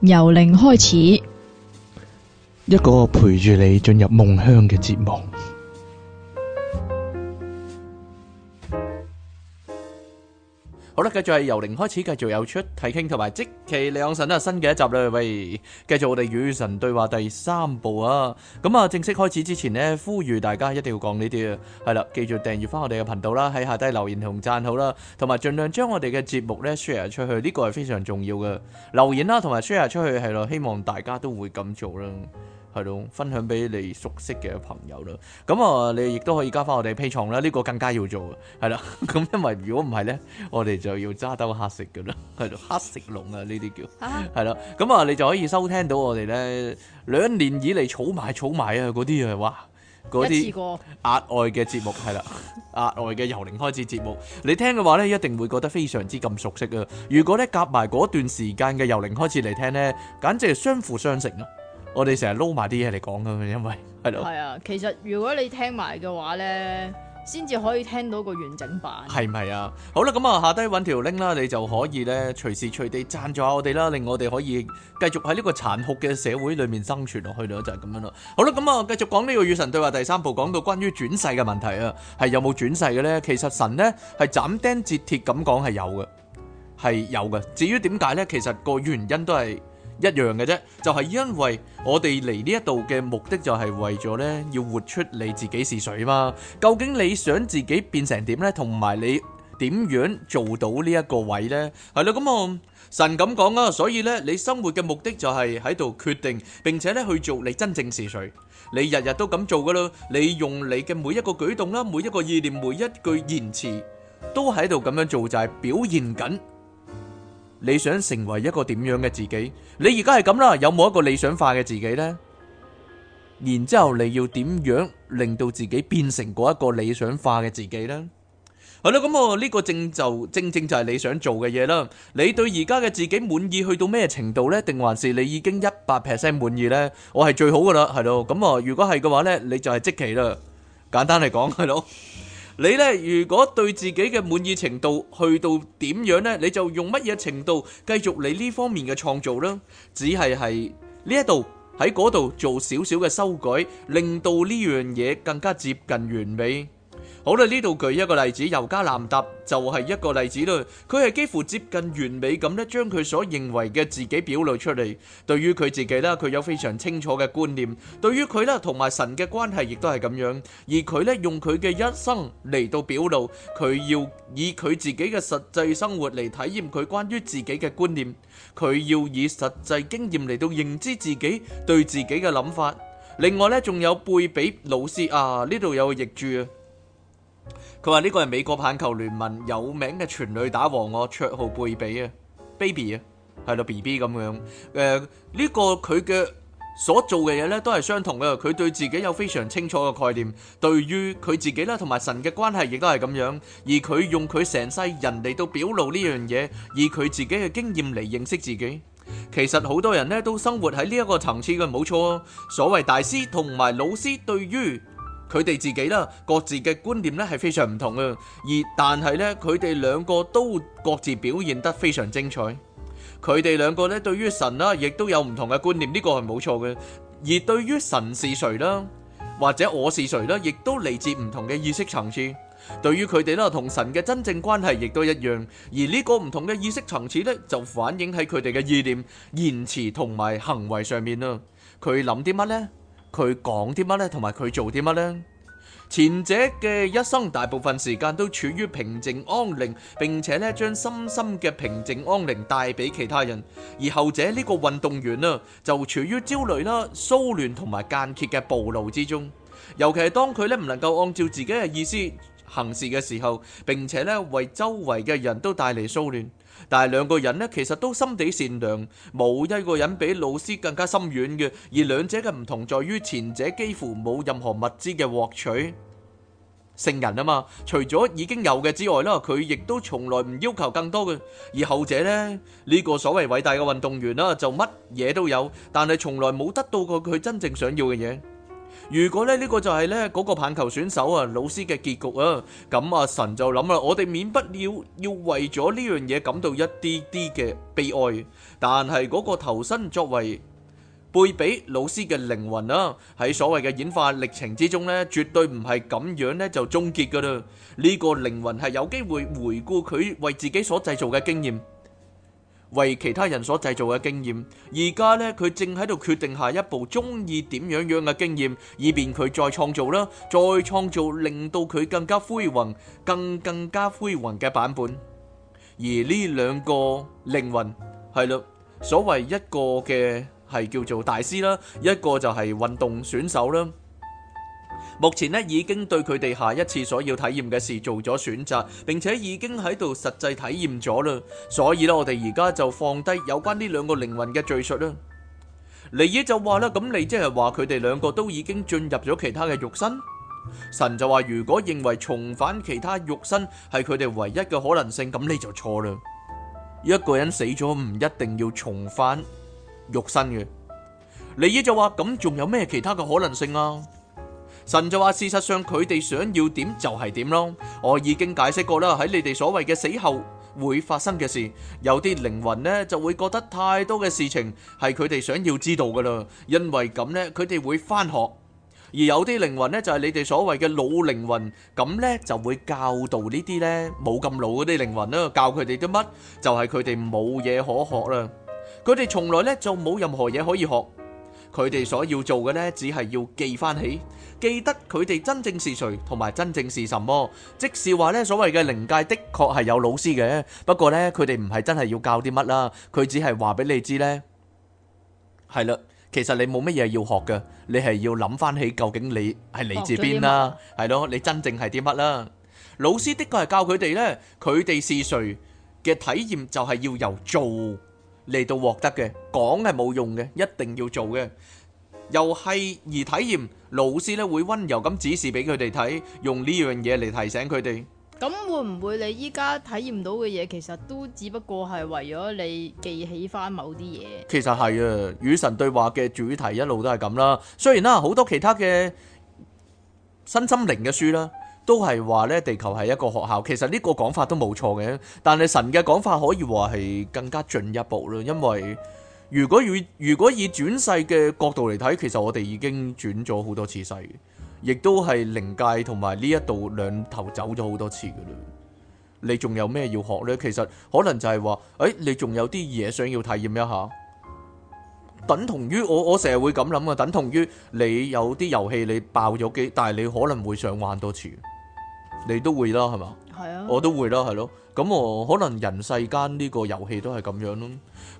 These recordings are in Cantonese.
由零開始，一個陪住你進入夢鄉嘅節目。好啦，繼續係由零開始，繼續有出睇傾，同埋即期兩神啊，新嘅一集啦喂，繼續我哋與神對話第三部啊，咁啊正式開始之前呢，呼籲大家一定要講呢啲啊，係啦，繼續訂閱翻我哋嘅頻道啦，喺下低留言同讚好啦，同埋盡量將我哋嘅節目咧 share 出去，呢、這個係非常重要嘅，留言啦、啊，同埋 share 出去係咯，希望大家都會咁做啦。係咯，分享俾你熟悉嘅朋友啦。咁啊，你亦都可以加翻我哋 P 唱啦。呢、這個更加要做嘅，係啦。咁因為如果唔係咧，我哋就要揸兜黑色嘅啦。係咯，黑色龍啊呢啲叫。吓、啊。係啦。咁啊，你就可以收聽到我哋咧兩年以嚟儲埋儲埋啊嗰啲啊哇嗰啲額外嘅節目，係啦，額外嘅由零開始節目。 你聽嘅話咧，一定會覺得非常之咁熟悉啊。如果咧夾埋嗰段時間嘅由零開始嚟聽咧，簡直係相輔相成啊！我哋成日撈埋啲嘢嚟講噶嘛，因為係咯。係啊，其實如果你聽埋嘅話咧，先至可以聽到個完整版。係唔係啊？好啦，咁啊，下低揾條 link 啦，你就可以咧隨時隨地贊助下我哋啦，令我哋可以繼續喺呢個殘酷嘅社會裏面生存落去咯，就係咁樣咯。好啦，咁啊，繼續講呢個與神對話第三部，講到關於轉世嘅問題啊，係有冇轉世嘅咧？其實神咧係斬釘截鐵咁講係有嘅，係有嘅。至於點解咧？其實個原因都係。一樣嘅啫，就係因為我哋嚟呢一度嘅目的就係為咗呢，要活出你自己是誰嘛。究竟你想自己變成點呢？同埋你點樣做到呢一個位呢？係啦，咁啊神咁講啦，所以呢你生活嘅目的就係喺度決定，並且呢去做你真正是誰。你日日都咁做噶啦，你用你嘅每一個舉動啦，每一個意念，每一句言辭，都喺度咁樣做就係表現緊。你想成為一個點樣嘅自己？你而家係咁啦，有冇一個理想化嘅自己呢？然之後你要點樣令到自己變成嗰一個理想化嘅自己呢？係咯，咁啊呢個正就正正就係你想做嘅嘢啦。你對而家嘅自己滿意去到咩程度呢？定還是你已經一百 percent 滿意呢？我係最好噶啦，係咯。咁啊，如果係嘅話呢，你就係即期啦。簡單嚟講，係咯。你咧，如果對自己嘅滿意程度去到點樣咧，你就用乜嘢程度繼續你呢方面嘅創造啦。只係喺呢一度，喺嗰度做少少嘅修改，令到呢樣嘢更加接近完美。好啦，呢度舉一個例子，尤迦南達就係一個例子啦。佢係幾乎接近完美咁咧，將佢所認為嘅自己表露出嚟。對於佢自己咧，佢有非常清楚嘅觀念。對於佢咧，同埋神嘅關係亦都係咁樣。而佢咧，用佢嘅一生嚟到表露，佢要以佢自己嘅實際生活嚟體驗佢關於自己嘅觀念。佢要以實際經驗嚟到認知自己對自己嘅諗法。另外咧，仲有貝比老師啊，呢度有個譯注啊。佢話：呢個係美國棒球聯盟有名嘅全壘打王哦，綽號貝比啊，Baby 啊，係咯，B B 咁樣。誒、呃，呢、這個佢嘅所做嘅嘢呢都係相同嘅。佢對自己有非常清楚嘅概念，對於佢自己咧，同埋神嘅關係，亦都係咁樣。而佢用佢成世人嚟到表露呢樣嘢，以佢自己嘅經驗嚟認識自己。其實好多人呢都生活喺呢一個層次嘅冇錯。所謂大師同埋老師，對於佢哋自己啦，各自嘅觀念咧係非常唔同嘅，而但係咧，佢哋兩個都各自表現得非常精彩。佢哋兩個咧，對於神啦，亦都有唔同嘅觀念，呢個係冇錯嘅。而對於神是誰啦，或者我是誰啦，亦都嚟自唔同嘅意識層次。對於佢哋啦，同神嘅真正關係亦都一樣。而呢個唔同嘅意識層次咧，就反映喺佢哋嘅意念、言辭同埋行為上面啦。佢諗啲乜咧？佢講啲乜呢，同埋佢做啲乜呢？前者嘅一生大部分時間都處於平靜安寧，並且呢將深深嘅平靜安寧帶俾其他人；而後者呢個運動員啊，就處於焦慮啦、騷亂同埋間歇嘅暴怒之中，尤其係當佢呢唔能夠按照自己嘅意思行事嘅時候，並且呢為周圍嘅人都帶嚟騷亂。但係兩個人呢，其實都心地善良，冇一個人比老師更加心軟嘅。而兩者嘅唔同在於前者幾乎冇任何物資嘅獲取，聖人啊嘛，除咗已經有嘅之外啦，佢亦都從來唔要求更多嘅。而後者呢，呢個所謂偉大嘅運動員啦，就乜嘢都有，但係從來冇得到過佢真正想要嘅嘢。如果咧呢個就係呢嗰個棒球選手啊老師嘅結局啊咁阿神就諗啊，我哋免不了要為咗呢樣嘢感到一啲啲嘅悲哀。但係嗰個投身作為貝比老師嘅靈魂啊，喺所謂嘅演化歷程之中呢，絕對唔係咁樣呢就終結噶啦。呢個靈魂係有機會回顧佢為自己所製造嘅經驗。為其他人所製造嘅經驗，而家呢，佢正喺度決定下一步中意點樣樣嘅經驗，以便佢再創造啦，再創造令到佢更加輝煌，更更加輝煌嘅版本。而呢兩個靈魂，係咯，所謂一個嘅係叫做大師啦，一個就係運動選手啦。目前呢已經對佢哋下一次所要體驗嘅事做咗選擇，並且已經喺度實際體驗咗啦。所以呢，我哋而家就放低有關呢兩個靈魂嘅敘述啦。尼爾就話啦，咁你即係話佢哋兩個都已經進入咗其他嘅肉身？神就話：如果認為重返其他肉身係佢哋唯一嘅可能性，咁你就錯啦。一個人死咗唔一定要重返肉身嘅。尼爾就話，咁仲有咩其他嘅可能性啊？神就話：事實上佢哋想要點就係點咯。我已經解釋過啦，喺你哋所謂嘅死後會發生嘅事，有啲靈魂呢就會覺得太多嘅事情係佢哋想要知道噶啦。因為咁呢，佢哋會翻學；而有啲靈魂呢，就係你哋所謂嘅老靈魂，咁呢，就會教導呢啲呢冇咁老嗰啲靈魂啦，教佢哋啲乜，就係佢哋冇嘢可學啦。佢哋從來呢，就冇任何嘢可以學。佢哋所要做嘅呢，只係要記翻起，記得佢哋真正是誰同埋真正是什麼，即是話呢，所謂嘅靈界的確係有老師嘅，不過呢，佢哋唔係真係要教啲乜啦，佢只係話俾你知呢，係啦，其實你冇乜嘢要學嘅，你係要諗翻起究竟你係嚟自邊啦，係咯，你真正係啲乜啦？老師的確係教佢哋呢，佢哋是誰嘅體驗就係要由做。嚟到獲得嘅講係冇用嘅，一定要做嘅。又係而體驗老師咧會温柔咁指示俾佢哋睇，用呢樣嘢嚟提醒佢哋。咁會唔會你依家體驗到嘅嘢，其實都只不過係為咗你記起翻某啲嘢。其實係啊，與神對話嘅主題一路都係咁啦。雖然啦，好多其他嘅身心靈嘅書啦。都係話咧，地球係一個學校，其實呢個講法都冇錯嘅。但係神嘅講法可以話係更加進一步咯，因為如果以如果以轉世嘅角度嚟睇，其實我哋已經轉咗好多次世，亦都係靈界同埋呢一度兩頭走咗好多次噶啦。你仲有咩要學呢？其實可能就係話，誒、哎，你仲有啲嘢想要體驗一下，等同於我我成日會咁諗啊，等同於你有啲遊戲你爆咗機，但係你可能會想玩多次。你都會啦，係嘛？係啊！我都會啦，係咯。咁我可能人世間呢個遊戲都係咁樣咯。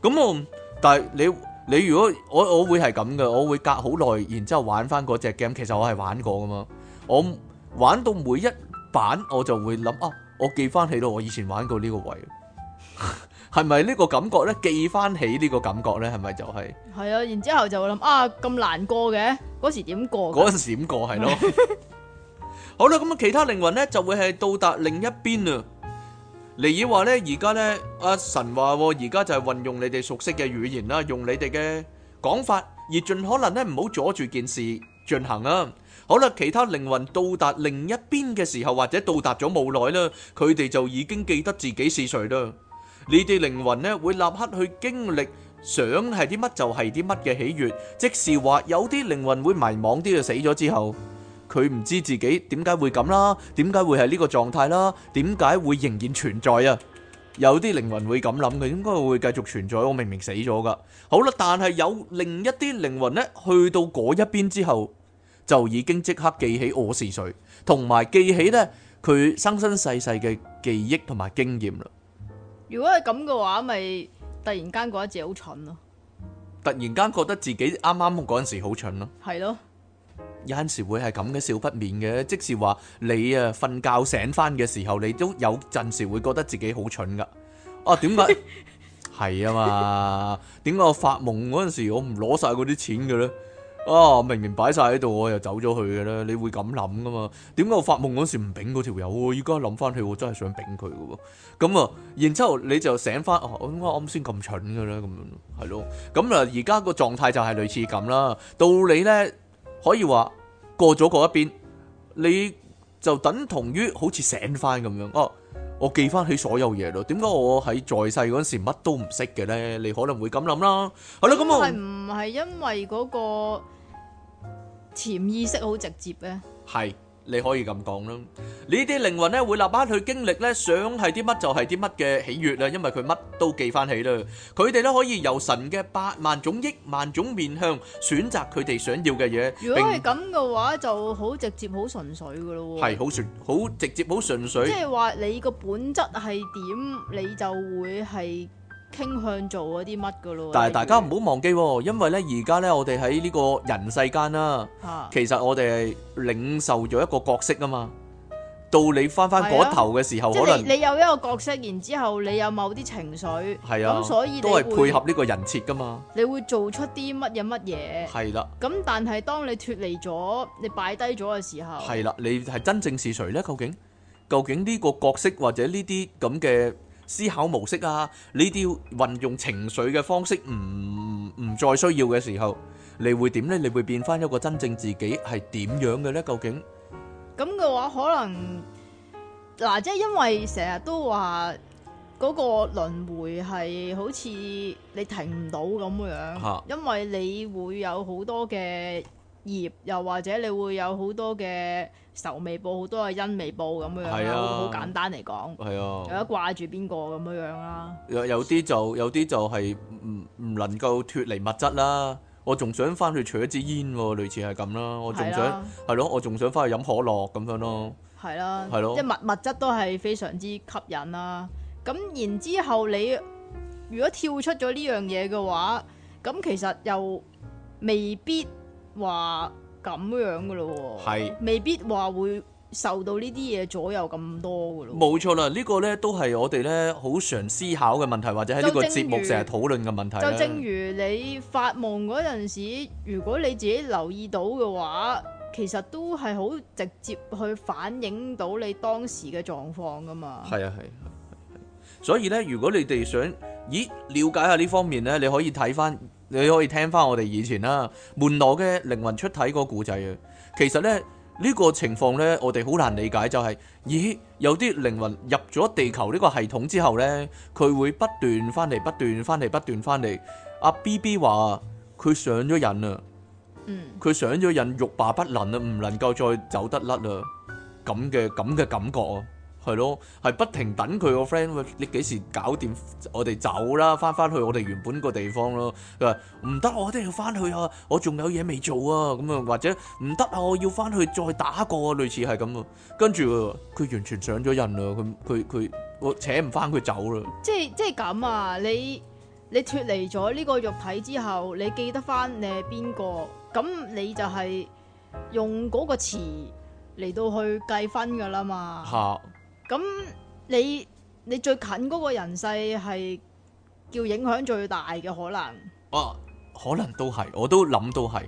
咁我，但係你你如果我，我會係咁嘅，我會隔好耐，然之後玩翻嗰隻 game。其實我係玩過噶嘛。我玩到每一版，我就會諗啊，我記翻起到我以前玩過呢個位。係咪呢個感覺咧？記翻起呢個感覺咧？係咪就係？係啊！然之後就會諗啊，咁難過嘅嗰時點過？嗰時點過係咯。好啦，咁啊，其他靈魂咧就會係到達另一邊啊。尼爾話咧，而家咧，阿神話而家就係運用你哋熟悉嘅語言啦，用你哋嘅講法，而盡可能咧唔好阻住件事進行啊。好啦，其他靈魂到達另一邊嘅時候，或者到達咗冇耐啦，佢哋就已經記得自己是誰啦。你哋靈魂咧會立刻去經歷想係啲乜就係啲乜嘅喜悅，即是話有啲靈魂會迷惘啲，就死咗之後。佢唔知自己點解會咁啦，點解會係呢個狀態啦，點解會仍然存在啊？有啲靈魂會咁諗嘅，應該會繼續存在。我明明死咗噶。好啦，但係有另一啲靈魂呢，去到嗰一邊之後，就已經即刻記起我是誰，同埋記起呢佢生生世世嘅記憶同埋經驗啦。如果係咁嘅話，咪突然間覺得自己好蠢咯。突然間覺得自己啱啱嗰陣時好蠢咯。係咯。有陣時會係咁嘅，少不免嘅。即係話你啊，瞓覺醒翻嘅時候，你都有陣時會覺得自己好蠢噶。哦，點解係啊？ 嘛，點解我發夢嗰陣時我唔攞晒嗰啲錢嘅咧？哦、啊，明明擺晒喺度，我又走咗去嘅咧。你會咁諗噶嘛？點解我發夢嗰時唔抦嗰條友？我而家諗翻起，我真係想抦佢嘅。咁啊，然之後你就醒翻，哦，點解啱先咁蠢嘅咧？咁樣係咯。咁啊，而家個狀態就係類似咁啦。道理咧。可以話過咗嗰一邊，你就等同於好似醒翻咁樣。哦、啊，我記翻起所有嘢咯。點解我喺在、在世嗰時乜都唔識嘅咧？你可能會咁諗啦。係啦，咁我係唔係因為嗰個潛意識好直接咧？係。你可以咁講啦，呢啲靈魂咧會立刻去經歷咧，想係啲乜就係啲乜嘅喜悅啦，因為佢乜都記翻起啦，佢哋都可以由神嘅百萬種億萬種面向選擇佢哋想要嘅嘢。如果係咁嘅話，就好直接好純粹嘅咯喎，係好純好直接好純粹。即係話你個本質係點，你就會係。傾向做一啲乜噶咯？但係大家唔好忘記、哦，因為呢而家呢，我哋喺呢個人世間啦、啊，啊、其實我哋係領受咗一個角色啊嘛。到你翻翻嗰頭嘅時候，啊、可能你，你有一個角色，然之後你有，有某啲情緒，係啊，咁所以都係配合呢個人設噶嘛。你會做出啲乜嘢乜嘢？係啦、啊。咁但係當你脫離咗，你擺低咗嘅時候，係啦、啊，你係真正是誰呢？究竟究竟呢個角色或者呢啲咁嘅思考模式啊，呢啲運用情緒嘅方式唔唔再需要嘅時候，你會點呢？你會變翻一個真正自己係點樣嘅呢？究竟咁嘅話，可能嗱、啊，即係因為成日都話嗰、嗰個輪迴係好似你停唔到咁嘅樣，因為你會有好多嘅業又或者你會有好多嘅仇未報，好多嘅恩未報咁樣，啊，好好、啊、簡單嚟講。係啊。掛啊有得掛住邊個咁樣啦。有啲就有啲就係唔唔能夠脫離物質啦。我仲想翻去除一支煙喎，類似係咁啦。我仲想係咯，啊啊，我仲想翻去飲可樂咁樣咯。係啦。係咯。即物物質都係非常之吸引啦、啊。咁然之後你如果跳出咗呢樣嘢嘅話，咁其實又未必話咁樣噶咯，係是未必話會受到呢啲嘢左右咁多噶咯。冇錯啦，呢、這個呢都係我哋呢好常思考嘅問題，或者喺呢個節目成日討論嘅問題就。就正如你發夢嗰陣時，如果你自己留意到嘅話，其實都係好直接去反映到你當時嘅狀況噶嘛。係啊係係、啊啊，所以呢，如果你哋想咦了解下呢方面呢，你可以睇翻。你可以聽翻我哋以前啦，門羅嘅靈魂出體個故仔啊，其實咧呢個情況咧，我哋好難理解，就係，咦，有啲靈魂入咗地球呢個系統之後咧，佢會不斷翻嚟，不斷翻嚟，不斷翻嚟。阿 B B 話佢上咗癮啦，嗯，佢上咗癮，欲罷不能啦，唔能夠再走得甩啦，咁嘅咁嘅感覺。係咯，係不停等佢個 friend。你幾時搞掂？我哋走啦，翻翻去我哋原本個地方咯。佢話唔得，我一定要翻去啊！我仲有嘢未做啊！咁啊，或者唔得啊！我要翻去再打過、啊、類似係咁啊。跟住佢完全上咗癮啦！佢佢佢我請唔翻佢走啦。即係即係咁啊！你你脫離咗呢個肉體之後，你記得翻你係邊個？咁你就係用嗰個詞嚟到去計分噶啦嘛。吓。 咁你你最近嗰個人世係叫影響最大嘅可能？哦、啊，可能都係，我都諗到係，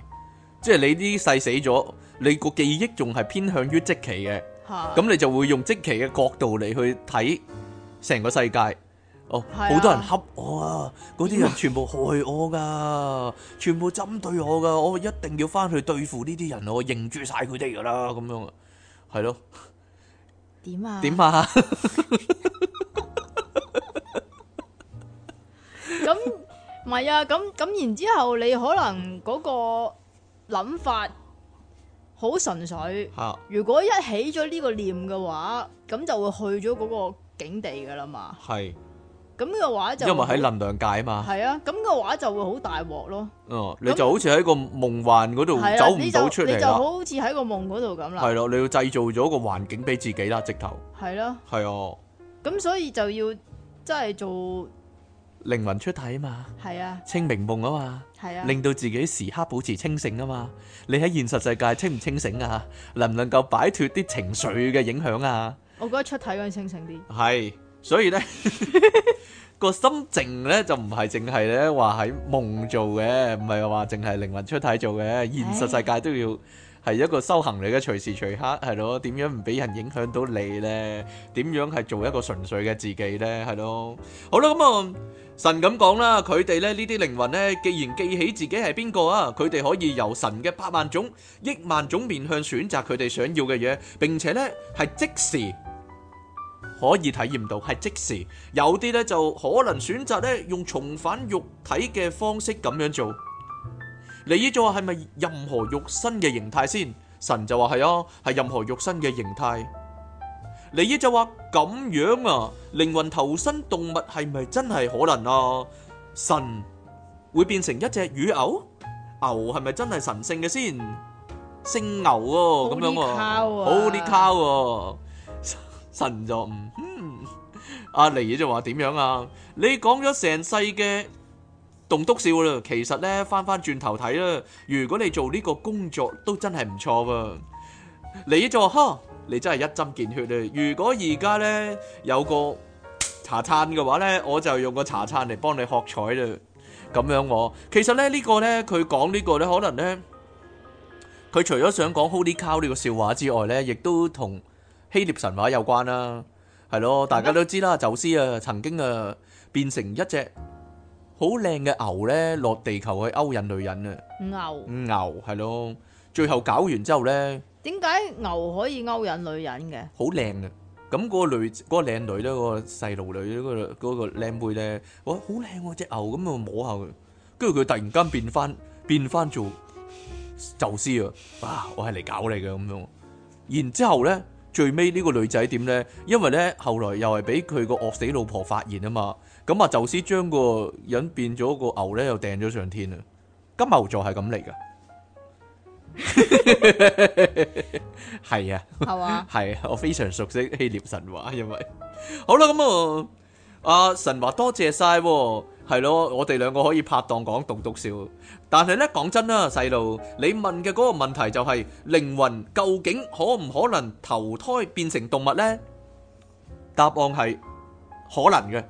即係你啲世死咗，你個記憶仲係偏向於即期嘅，咁的你就會用即期嘅角度嚟去睇成個世界。哦，好的多人恰我啊，嗰啲人全部害我噶，麼全部針對我噶，我一定要返去對付呢啲人，我認住晒佢哋噶啦，咁樣啊係咯。點啊？點 啊？咁唔係啊？咁咁然之後，你可能嗰個諗法好純粹。吓，哈 如果一起咗呢個念嘅話，咁就會去咗嗰個境地噶啦嘛。係。咁嘅話就因為喺能量界啊嘛，係啊，咁嘅話就會好大鑊咯。哦，你就好似喺個夢幻嗰度走唔到出嚟啦。係咯，你就你就好似喺個夢嗰度咁啦。係咯，你要製造咗個環境俾自己啦，直頭。係咯。係啊。咁所以就要真係做靈魂出體啊嘛。係啊。清明夢啊嘛。係啊。令到自己時刻保持清醒啊嘛。你喺現實世界清唔清醒啊？能唔能夠擺脫啲情緒嘅影響啊？我覺得出體嗰陣清醒啲。係。所以咧，個心靜咧就唔係淨係咧話喺夢做嘅，唔係話淨係靈魂出體做嘅，現實世界都要係一個修行嚟嘅，隨時隨刻係咯，點樣唔俾人影響到你咧？點樣係做一個純粹嘅自己咧？係咯，好啦，咁啊神咁講啦，佢哋咧呢啲靈魂咧，既然記起自己係邊個啊，佢哋可以由神嘅百萬種、億萬種面向選擇佢哋想要嘅嘢，並且咧係即時。可以體驗到係即時，有啲咧就可能選擇咧用重返肉體嘅方式咁樣做。尼爾就話係咪任何肉身嘅形態先？神就話係啊，係任何肉身嘅形態。尼爾就話咁樣啊，靈魂投身動物係咪真係可能啊？神會變成一隻乳牛？牛係咪真係神聖嘅先？聖牛喎、啊、咁樣喎、啊，Holy Cow 喎。神就唔，阿尼爾就話點樣啊？樣你講咗成世嘅棟篤笑啦，其實咧翻翻轉頭睇啦，如果你做呢個工作都真係唔錯喎。尼爾就話，吓，你真係一針見血啊！如果而家咧有個茶餐嘅話咧，我就用個茶餐嚟幫你喝彩啦。咁樣，我其實咧呢、呢個咧佢講呢個咧可能咧，佢除咗想講 Holy Cow 呢個笑話之外咧，亦都同。希臘神話有關啦，係咯，大家都知啦。宙斯啊，曾經啊變成一隻好靚嘅牛咧，落地球去勾引女人啊。牛牛係咯，最後搞完之後咧，點解牛可以勾引女人嘅？好靚啊，咁個女，嗰個靚女咧，個細路女，嗰個嗰個靚妹咧，哇，好靚喎隻牛，咁啊摸下佢，跟住佢突然間變翻變翻做宙斯啊！哇，我係嚟搞你嘅咁樣，然之後咧。最尾呢個女仔點咧？因為咧，後來又係俾佢個惡死老婆發現啊嘛，咁啊宙斯將個人變咗個牛咧，又掟咗上天啊！金牛座係咁嚟噶，係 啊，係啊， 啊，我非常熟悉希臘神話，因為好啦，咁啊，阿、嗯、神話多謝晒、哦，係咯、啊，我哋兩個可以拍檔講棟篤笑。但係咧，講真啦，細路，你問嘅嗰個問題就係靈魂究竟可唔可能投胎變成動物呢？答案係可能嘅，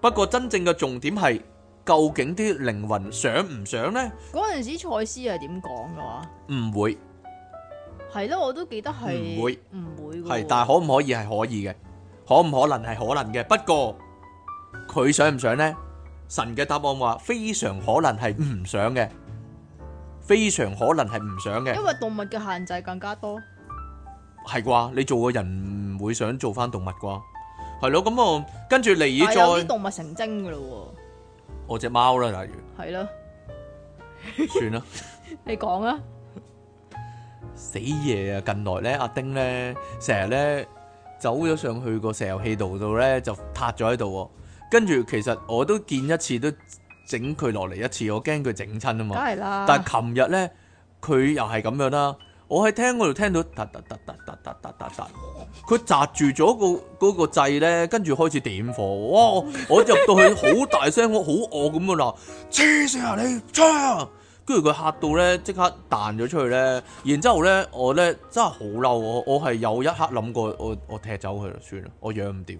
不過真正嘅重點係究竟啲靈魂想唔想呢？嗰陣時賽斯係點講嘅話？唔會係咯，我都記得係唔會，唔會嘅係，但係可唔可以係可以嘅？可唔可能係可能嘅？不過佢想唔想呢？神嘅答案話非常可能係唔想嘅，非常可能係唔想嘅。想因為動物嘅限制更加多。係啩？你做個人唔會想做翻動物啩？係咯，咁啊，跟住嚟咗再啲動物成精噶咯。我隻貓啦，例如。係咯。算啦。你講啊吧。死嘢啊！近來咧，阿丁咧，成日咧，走咗上去個石油氣度度咧，就撻咗喺度。跟住其實我都見一次都整佢落嚟一次，我驚佢整親啊嘛。梗係啦。但係琴日咧，佢又係咁樣啦。我喺廳嗰度聽到嗒嗒嗒嗒嗒嗒嗒嗒，佢砸住咗個嗰個掣咧，跟住開始點火。哇！我入到去好大聲，我好惡咁噶啦！黐線啊你，槍！跟住佢嚇到咧，即刻彈咗出去咧。然之後咧，我咧真係好嬲，我我係有一刻諗過我，我我踢走佢啦，算啦，我養唔掂，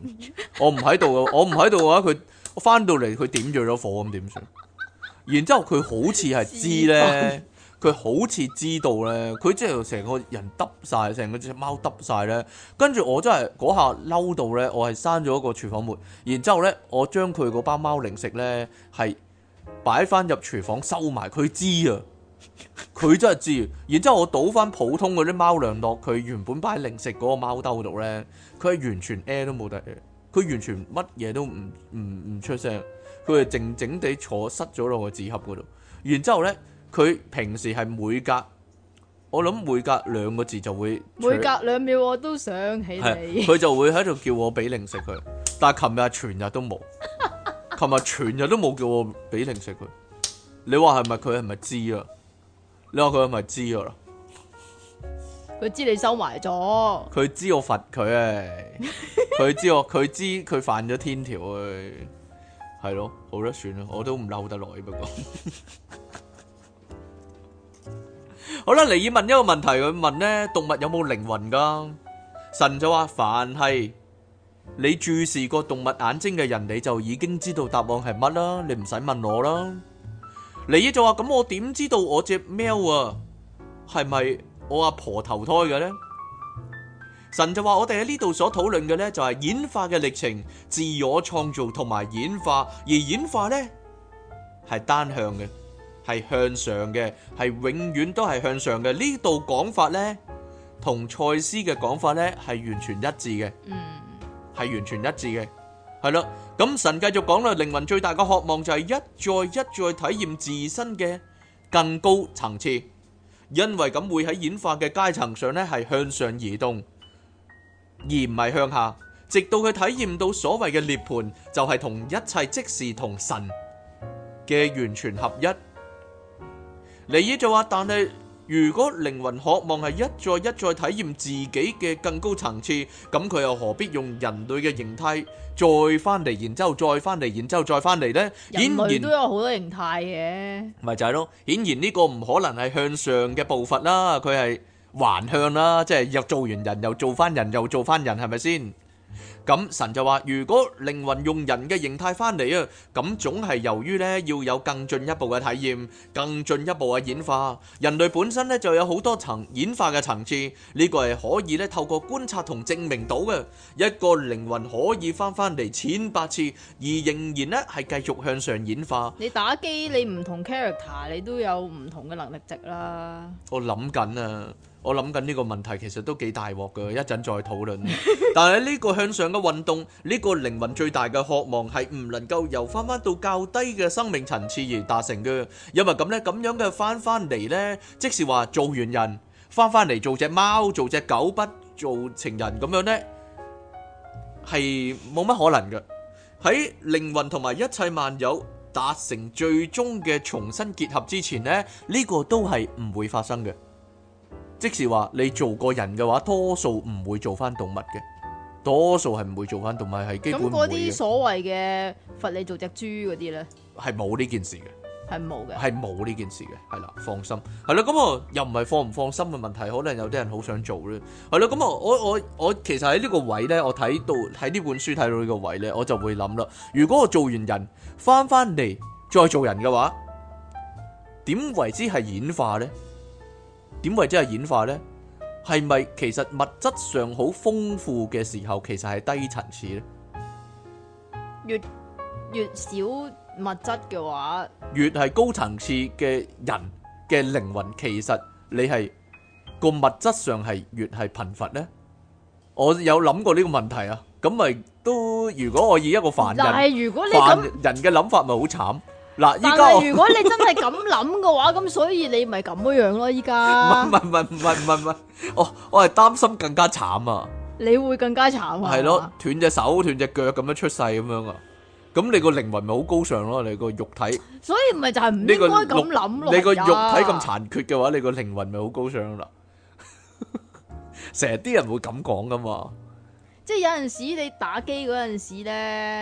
我唔喺度，我唔喺度嘅話，佢翻到嚟佢點着咗火咁點算？然之後佢好似係知咧，佢好似知道咧，佢即係成個人耷晒，成個隻貓耷晒咧。跟住我真係嗰下嬲到咧，我係閂咗一個廚房門。然之後咧，我將佢嗰包貓零食咧係。擺翻入廚房收埋，佢知啊，佢真係知。然之後我倒翻普通嗰啲貓糧落佢原本擺零食嗰個貓兜度咧，佢係完全 a、呃、都冇得嘅，佢完全乜嘢都唔唔唔出聲，佢係靜靜地坐塞咗落個紙盒嗰度。然之後咧，佢平時係每隔我諗每隔兩個字就會，每隔兩秒我都想起你。係佢就會喺度叫我俾零食佢，但係琴日全日都冇。琴日全日都冇叫我俾零食佢，你話係咪佢係咪知啊？知你話佢係咪知啊啦？佢知你收埋咗。佢知我罰佢，啊。佢知我，佢知佢犯咗天條，係 咯，好啦，算啦，我都唔嬲得耐，不過 好啦，尼爾問一個問題，佢問咧，動物有冇靈魂噶？神就話，凡係，你注視過動物眼睛嘅人，你就已經知道答案係乜啦。你唔使問我啦。李姨就話，咁，我點知道我隻喵啊係咪我阿婆投胎嘅呢？」神就話，我哋喺呢度所討論嘅呢，就係演化嘅歷程、自我創造同埋演化。而演化呢，係單向嘅，係向上嘅，係永遠都係向上嘅。呢度講法呢，同賽斯嘅講法呢，係完全一致嘅。嗯。係完全一致嘅，係啦。咁神繼續講啦，靈魂最大嘅渴望就係一再一再體驗自身嘅更高層次，因為咁會喺演化嘅階層上呢係向上移動，而唔係向下，直到佢體驗到所謂嘅涅槃，就係、是、同一切即時同神嘅完全合一。尼爾就話，但係。如果靈魂渴望係一再一再體驗自己嘅更高層次，咁佢又何必用人類嘅形態再翻嚟，然之後再翻嚟，然之後再翻嚟呢？顯然人類都有好多形態嘅，咪就係咯。顯然呢個唔可能係向上嘅步伐啦，佢係橫向啦，即係又做完人又做翻人，又做翻人，係咪先？咁神就話：如果靈魂用人嘅形態翻嚟啊，咁總係由於咧要有更進一步嘅體驗，更進一步嘅演化。人類本身咧就有好多層演化嘅層次，呢個係可以咧透過觀察同證明到嘅。一個靈魂可以翻翻嚟千百次，而仍然咧係繼續向上演化。你打機你唔同 character 你都有唔同嘅能力值啦。我諗緊啊。我諗緊呢個問題，其實都幾大鑊噶，一陣再討論。但係呢個向上嘅運動，呢個靈魂最大嘅渴望係唔能夠由翻翻到較低嘅生命層次而達成嘅，因為咁呢，咁樣嘅翻翻嚟呢，即是話做完人翻翻嚟做隻貓、做隻狗，不做情人咁樣呢，係冇乜可能嘅。喺靈魂同埋一切萬有達成最終嘅重新結合之前呢，呢個都係唔會發生嘅。即係話你做過人嘅話，多數唔會做翻動物嘅，多數係唔會做翻動物係基本唔會嘅。咁嗰啲所謂嘅罰你做隻豬嗰啲咧，係冇呢件事嘅，係冇嘅，係冇呢件事嘅，係啦，放心，係啦，咁啊，又唔係放唔放心嘅問題，可能有啲人好想做啦，係啦，咁啊，我我我其實喺呢個位咧，我睇到喺呢本書睇到呢個位咧，我就會諗啦，如果我做完人翻翻嚟再做人嘅話，點為之係演化咧？點為真係演化咧？係咪其實物質上好豐富嘅時候，其實係低層次咧？越越少物質嘅話，越係高層次嘅人嘅靈魂，其實你係個物質上係越係貧乏咧？我有諗過呢個問題啊，咁咪都如果我以一個凡人，但係如果你嘅諗法咪好慘？嗱，但係如果你真係咁諗嘅話，咁 所以你咪咁樣咯，啊，依家。唔係唔係唔係唔係唔係，哦、oh,，我係擔心更加慘啊！你會更加慘啊！係咯，斷隻手，斷隻腳咁樣出世咁樣啊！咁你個靈魂咪好高尚咯，你個肉體。所以咪就係唔應該咁諗咯。你個肉體咁殘缺嘅話，你個靈魂咪好高尚啦。成日啲人會咁講噶嘛？即係有陣時你打機嗰陣時咧，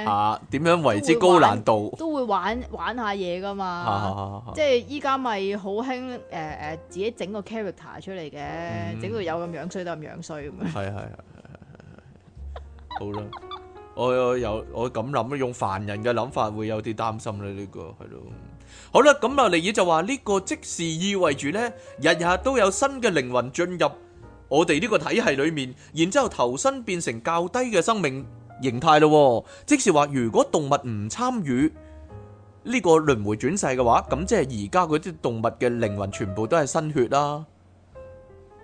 啊點、啊、樣為之高難度？都會玩玩下嘢噶嘛。啊啊啊啊啊即係依家咪好興誒誒，自己整個 character 出嚟嘅，整、嗯、到有咁樣衰得咁樣衰咁樣。係係係係係係。好啦，我有我咁諗，用凡人嘅諗法會有啲擔心啦。呢、這個係咯。好啦，咁啊尼爾就話呢、這個即是意味住咧，日日都有新嘅靈魂進入。我哋呢個體系裏面，然之後投身變成較低嘅生命形態咯哦，即是話如果動物唔參與呢個輪回轉世嘅話，咁即係而家嗰啲動物嘅靈魂全部都係新血啦啊，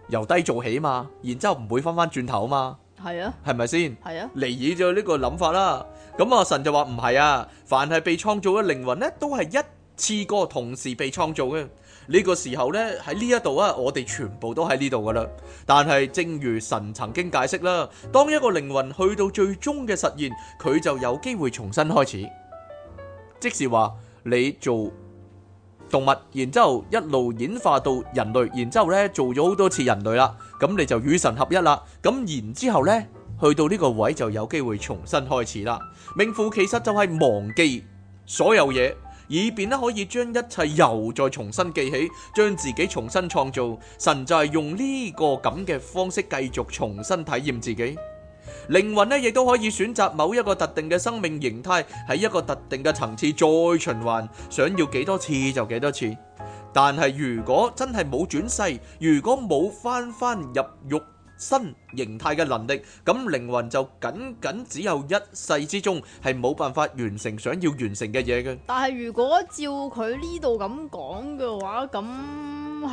由低做起嘛，然之後唔會翻翻轉頭嘛，係啊，係咪先？係啊，離耳就呢個諗法啦。咁啊，神就話唔係啊，凡係被創造嘅靈魂呢，都係一。詩歌同時被創造嘅呢，呢個時候呢，喺呢一度啊，我哋全部都喺呢度噶啦，但係正如神曾經解釋啦，當一個靈魂去到最終嘅實現，佢就有機會重新開始。即是話你做動物，然之後一路演化到人類，然之後咧做咗好多次人類啦，咁你就與神合一啦。咁然之後咧去到呢個位就有機會重新開始啦。名副其實就係忘記所有嘢。以便呢可以將一切又再重新記起，將自己重新創造。神就係用呢個咁嘅方式繼續重新體驗自己。靈魂呢，亦都可以選擇某一個特定嘅生命形態喺一個特定嘅層次再循環，想要幾多次就幾多次。但係如果真係冇轉世，如果冇翻翻入肉。新形態嘅能力，咁靈魂就僅僅只有一世之中係冇辦法完成想要完成嘅嘢嘅。但係如果照佢呢度咁講嘅話，咁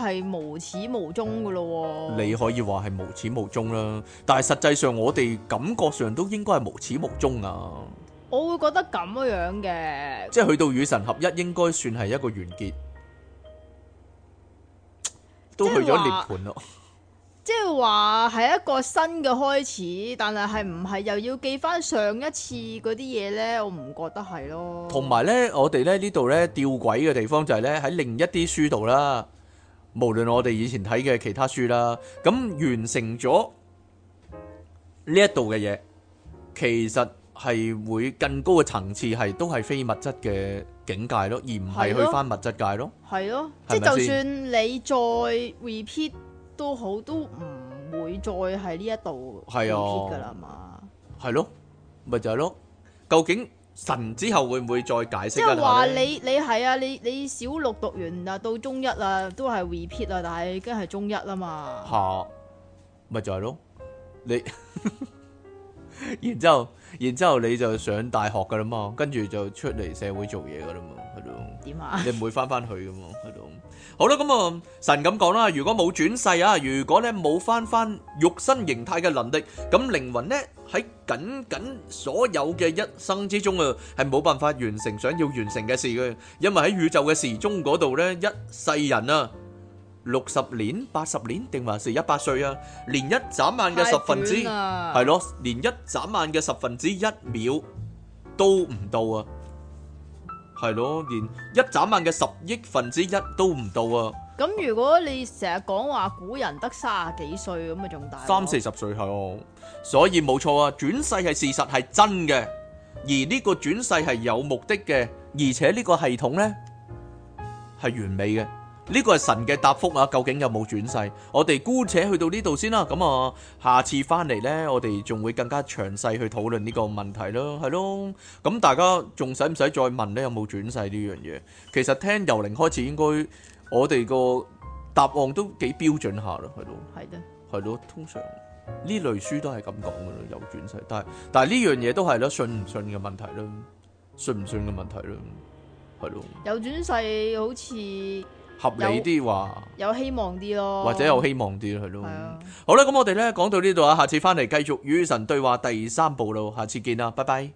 係無始無終噶咯。你可以話係無始無終啦，但係實際上我哋感覺上都應該係無始無終啊。我會覺得咁樣嘅，即係去到與神合一，應該算係一個完結，都去咗涅盤咯。即係話係一個新嘅開始，但係係唔係又要記翻上，上一次嗰啲嘢呢？我唔覺得係咯。同埋呢，我哋咧呢度呢，吊詭嘅地方就係呢，喺另一啲書度啦。無論我哋以前睇嘅其他書啦，咁完成咗呢一度嘅嘢，其實係會更高嘅層次，係都係非物質嘅境界咯，而唔係去翻物質界咯。係咯，即就算你再 repeat。都好，都唔會再喺呢一度 repeat 噶啦嘛，係咯，咪就係咯。究竟神之後會唔會再解釋咧？即係話你你係啊，你你小六讀完啦，到中一啦，都係 repeat 啦，但係已經係中一啦嘛。吓，咪就係咯。你，然之後，然之後你就上大學噶啦嘛，跟住就出嚟社會做嘢噶啦嘛，係咯。點啊？你唔會翻翻去噶嘛？好啦，咁啊，神咁講啦，如果冇轉世啊，如果咧冇翻翻肉身形態嘅能力，咁靈魂咧喺僅僅所有嘅一生之中啊，係冇辦法完成想要完成嘅事嘅，因為喺宇宙嘅時鐘嗰度咧，一世人啊，六十年、八十年定話係一百歲啊，連一眨眼嘅十分之，係咯，連一眨眼嘅十分之一秒都唔到啊！係咯，連一眨眼嘅十億分之一都唔到啊！咁如果你成日講話古人得三十幾歲咁咪，仲大？三四十歲係哦，所以冇錯啊，轉世係事實係真嘅，而呢個轉世係有目的嘅，而且呢個系統咧係完美嘅。呢個係神嘅答覆啊！究竟有冇轉世？我哋姑且去到呢度先啦。咁啊，下次翻嚟呢，我哋仲會更加詳細去討論呢個問題咯，係咯。咁大家仲使唔使再問呢？有冇轉世呢樣嘢？其實聽由零開始，應該我哋個答案都幾標準下咯，係咯。係咯，係咯， 的通常呢類書都係咁講㗎啦，有轉世。但係但係呢樣嘢都係咯，信唔信嘅問題咯，信唔信嘅問題咯，係咯。有轉世好似～合理啲話，有希望啲咯，或者有希望啲係咯。啊、好啦，咁我哋咧講到呢度啊，下次翻嚟繼續與神對話第三部啦。下次見啦，拜拜。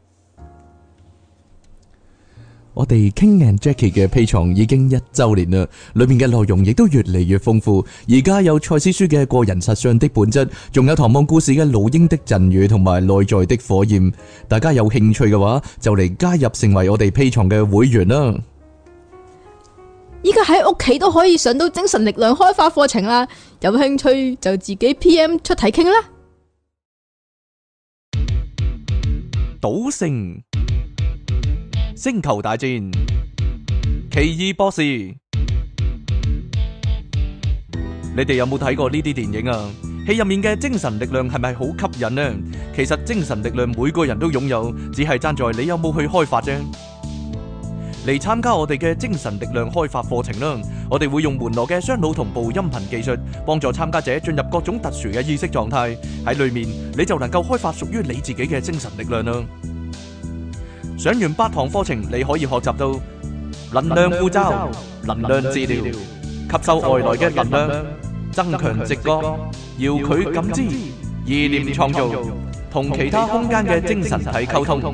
我哋 King and Jackie 嘅 Patreon 已經一周年啦，裏面嘅內容亦都越嚟越豐富。而家有賽斯書嘅個人實相的本質，仲有唐望故事嘅老鷹的贈語同埋內在的火焰。大家有興趣嘅話，就嚟加入成為我哋 Patreon 嘅會員啦。依家喺屋企都可以上到精神力量開發課程啦，有興趣就自己 PM 出嚟傾啦。賭聖、星球大戰、奇異博士，你哋有冇睇過呢啲電影啊？戲入面嘅精神力量係咪好吸引呢？其實精神力量每個人都擁有，只係爭在你有冇去開發啫。嚟參加我哋嘅精神力量開發課程啦！我哋會用門羅嘅雙腦同步音頻技術，幫助參加者進入各種特殊嘅意識狀態。喺裏面，你就能夠開發屬於你自己嘅精神力量啦！上完八堂課程，你可以學習到能量護罩、能量治療、吸收外來嘅能量、增強直覺、遙距感知、意念創造同其他空間嘅精神體溝通。.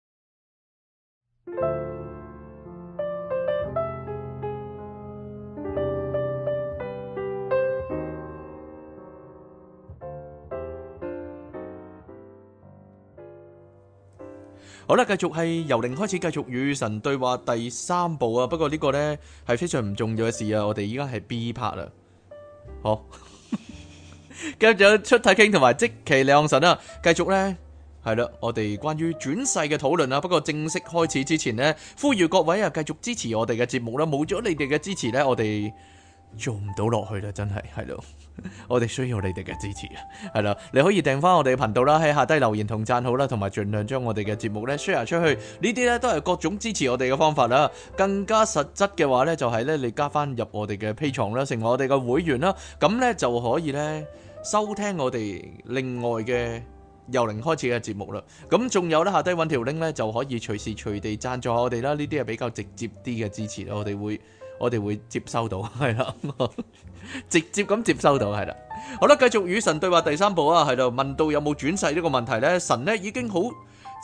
好啦，繼續係由零開始，繼續與神對話第三部啊。不過呢個呢，係非常唔重要嘅事啊。我哋依家係 B 拍啦，好繼續 出體傾同埋即期兩神啊。繼續呢，係啦，我哋關於轉世嘅討論啊。不過正式開始之前呢，呼籲各位啊，繼續支持我哋嘅節目啦。冇咗你哋嘅支持呢，我哋做唔到落去啦，真係係咯。 我哋需要你哋嘅支持啊，係啦，你可以訂翻我哋嘅頻道啦，喺下低留言同讚好啦，同埋盡量將我哋嘅節目咧 share 出去，呢啲咧都係各種支持我哋嘅方法啦。更加實質嘅話咧，就係咧你加翻入我哋嘅 pay 床啦，成為我哋嘅會員啦，咁咧就可以咧收聽我哋另外嘅由零開始嘅節目啦。咁仲有咧，下低揾條 link 咧就可以隨時隨地贊助下我哋啦，呢啲係比較直接啲嘅支持啦，我哋會。我哋會接收到，係啦，直接咁接收到，係啦。好啦，繼續與神對話第三部啊，係啦，問到有冇轉世呢個問題咧，神咧已經好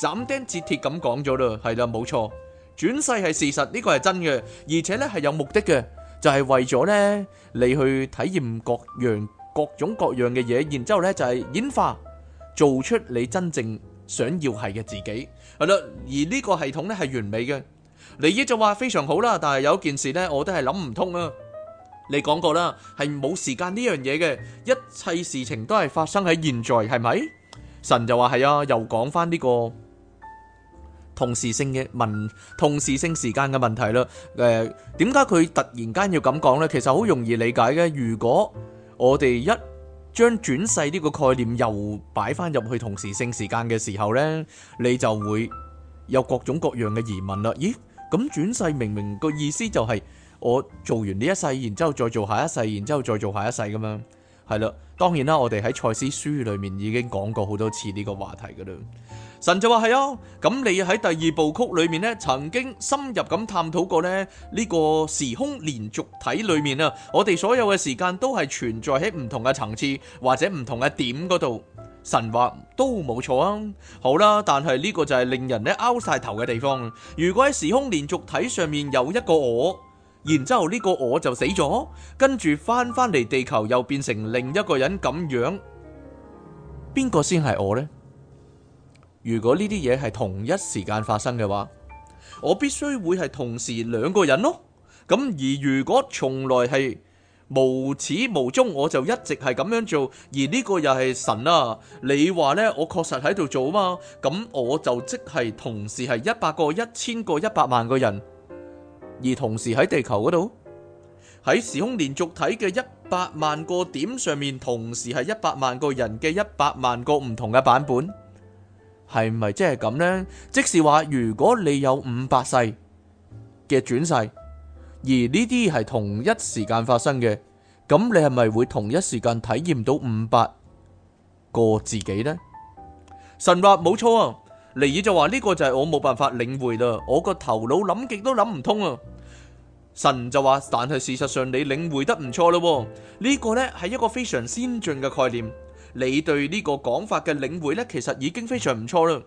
斬釘截鐵咁講咗啦，係啦，冇錯，轉世係事實，呢個係真嘅，而且咧係有目的嘅，就係為咗咧你去體驗各樣各種各樣嘅嘢，然之後咧就係演化，做出你真正想要係嘅自己，係啦，而呢個系統咧係完美嘅。你呢就話非常好啦，但係有一件事呢，我都係諗唔通啊！你講過啦，係冇時間呢樣嘢嘅，一切事情都係發生喺現在，係咪？神就話係啊，又講翻呢個同時性嘅問，同時性時間嘅問題啦。誒，點解佢突然間要咁講呢？其實好容易理解嘅，如果我哋一將轉世呢個概念又擺翻入去同時性時間嘅時候呢，你就會有各種各樣嘅疑問啦。咦？咁轉世明明個意思就係我做完呢一世，然之後再做下一世，然之後再做下一世咁樣係啦。當然啦，我哋喺《賽斯書》裏面已經講過好多次呢個話題噶啦。神就話係啊，咁你喺第二部曲裏面咧，曾經深入咁探討過咧呢個時空連續體裏面啊，我哋所有嘅時間都係存在喺唔同嘅層次或者唔同嘅點嗰度。神話都冇錯啊！好啦，但係呢個就係令人咧拗晒頭嘅地方。如果喺時空連續體上面有一個我，然之後呢個我就死咗，跟住翻返嚟地球又變成另一個人咁樣，邊個先係我呢？如果呢啲嘢係同一時間發生嘅話，我必須會係同時兩個人咯。咁而如果從來係……無始無終，我就一直係咁樣做，而呢個又係神啊！你話呢，我確實喺度做嘛，咁我就即係同時係一百個、一千個、一百萬個人，而同時喺地球嗰度，喺時空連續體嘅一百萬個點上面，同時係一百萬個人嘅一百萬個唔同嘅版本，係咪即係咁呢？即是話，如果你有五百世嘅轉世。而呢啲係同一時間發生嘅，咁你係咪會同一時間體驗到五百個自己呢？神話冇錯啊，尼爾就話，呢個就係我冇辦法領會啦，我個頭腦諗極都諗唔通啊！神就話，但係事實上你領會得唔錯咯，呢個呢係一個非常先進嘅概念，你對呢個講法嘅領會呢，其實已經非常唔錯啦。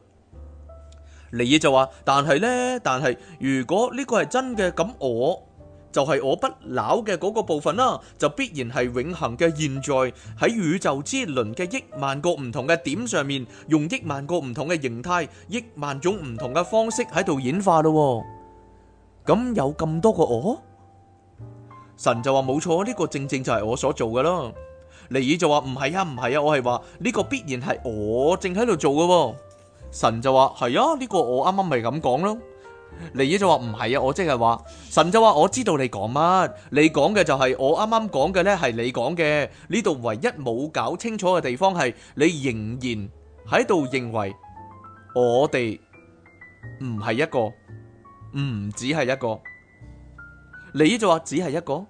尼爾就話，但係呢，但係如果呢個係真嘅，咁我。就係我不老嘅嗰個部分啦，就必然係永恒嘅現在，喺宇宙之輪嘅億萬個唔同嘅點上面，用億萬個唔同嘅形態、億萬種唔同嘅方式喺度演化咯。哦。咁有咁多個我，神就話冇錯，呢、呢個正正就係我所做噶咯。尼爾就話唔係啊，唔係啊，我係話呢個必然係我正喺度做噶。神就話係呀，呢、啊呢個我啱啱咪咁講咯。尼爾就話唔係啊，我即係話，神就話我知道你講乜，你講嘅就係我啱啱講嘅呢，係你講嘅。呢度唯一冇搞清楚嘅地方係你仍然喺度認為我哋唔係一個，唔只係一個。尼爾就話只係一個。